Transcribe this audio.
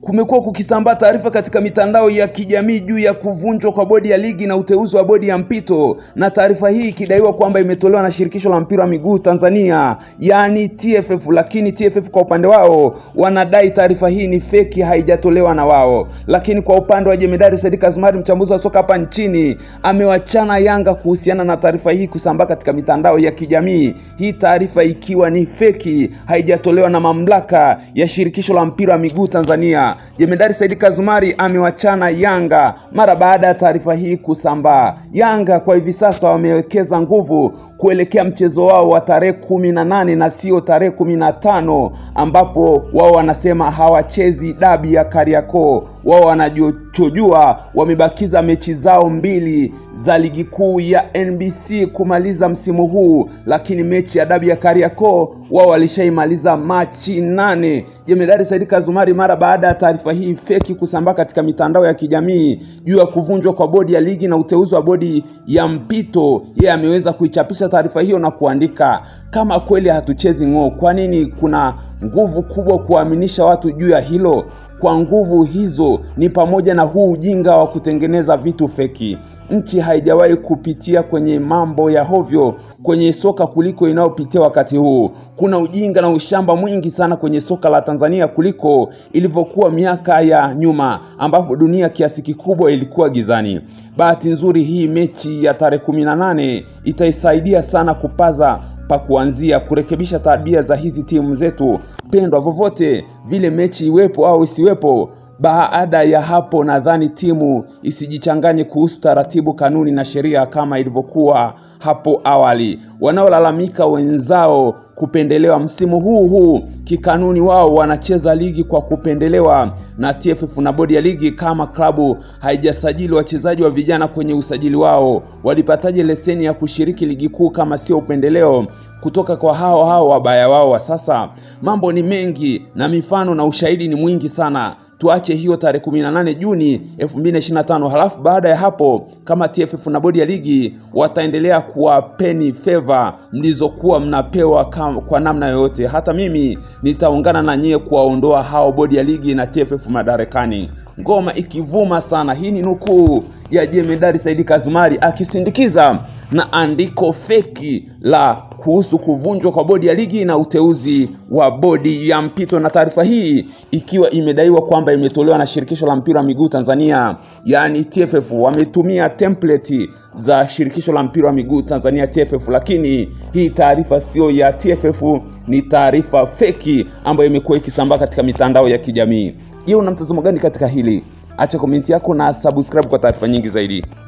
Kumekuwa kukisambaa taarifa katika mitandao ya kijamii juu ya kuvunjwa kwa bodi ya ligi na uteuzi wa bodi ya mpito, na taarifa hii ikidaiwa kwamba imetolewa na shirikisho la mpira wa miguu Tanzania, yaani TFF. Lakini TFF kwa upande wao wanadai taarifa hii ni feki, haijatolewa na wao. Lakini kwa upande wa jemedari Said Kazmari, mchambuzi wa soka hapa nchini, amewachana Yanga kuhusiana na taarifa hii kusambaa katika mitandao ya kijamii, hii taarifa ikiwa ni feki, haijatolewa na mamlaka ya shirikisho la mpira wa miguu Tanzania. Jemedari saidi Kazumari amewachana Yanga mara baada ya taarifa hii kusambaa. Yanga kwa hivi sasa wamewekeza nguvu kuelekea mchezo wao wa tarehe kumi na nane na sio tarehe kumi na tano ambapo wao wanasema hawachezi dabi ya Kariakoo. Wao wanajochojua wamebakiza mechi zao mbili za ligi kuu ya NBC kumaliza msimu huu, lakini mechi ya dabi ya Kariakoo wao walishaimaliza Machi nane. Jemedari Said Kazumari, mara baada ya taarifa hii feki kusambaa katika mitandao ya kijamii juu ya kuvunjwa kwa bodi ya ligi na uteuzi wa bodi ya mpito, yeye ameweza kuichapisha kuchapisha taarifa hiyo na kuandika kama kweli hatuchezi ng'oo, kwa nini? Kuna nguvu kubwa kuwaaminisha watu juu ya hilo. Kwa nguvu hizo ni pamoja na huu ujinga wa kutengeneza vitu feki nchi haijawahi kupitia kwenye mambo ya hovyo kwenye soka kuliko inayopitia wakati huu. Kuna ujinga na ushamba mwingi sana kwenye soka la Tanzania kuliko ilivyokuwa miaka ya nyuma, ambapo dunia kiasi kikubwa ilikuwa gizani. Bahati nzuri, hii mechi ya tarehe kumi na nane itaisaidia sana kupaza pa kuanzia kurekebisha tabia za hizi timu zetu pendwa. Vovote vile mechi iwepo au isiwepo baada ya hapo, nadhani timu isijichanganye kuhusu taratibu, kanuni na sheria kama ilivyokuwa hapo awali. Wanaolalamika wenzao kupendelewa msimu huu huu kikanuni, wao wanacheza ligi kwa kupendelewa na TFF na bodi ya ligi. Kama klabu haijasajili wachezaji wa vijana kwenye usajili wao, walipataje leseni ya kushiriki ligi kuu kama sio upendeleo kutoka kwa hao hao wabaya wao wa sasa? Mambo ni mengi na mifano na ushahidi ni mwingi sana tuache hiyo tarehe 18 Juni 2025. Halafu baada ya hapo, kama TFF na bodi ya ligi wataendelea kuwapeni feva mlizokuwa mnapewa kwa namna yoyote, hata mimi nitaungana na nyie kuwaondoa hao bodi ya ligi na TFF madarakani. Ngoma ikivuma sana. Hii ni nukuu ya jemedari Saidi Kazumari akisindikiza na andiko feki la kuhusu kuvunjwa kwa bodi ya ligi na uteuzi wa bodi ya mpito, na taarifa hii ikiwa imedaiwa kwamba imetolewa na shirikisho la mpira wa miguu Tanzania, yaani TFF. Wametumia template za shirikisho la mpira wa miguu Tanzania TFF, lakini hii taarifa siyo ya TFF, ni taarifa feki ambayo imekuwa ikisambaa katika mitandao ya kijamii. Je, una mtazamo gani katika hili? Acha komenti yako na subscribe kwa taarifa nyingi zaidi.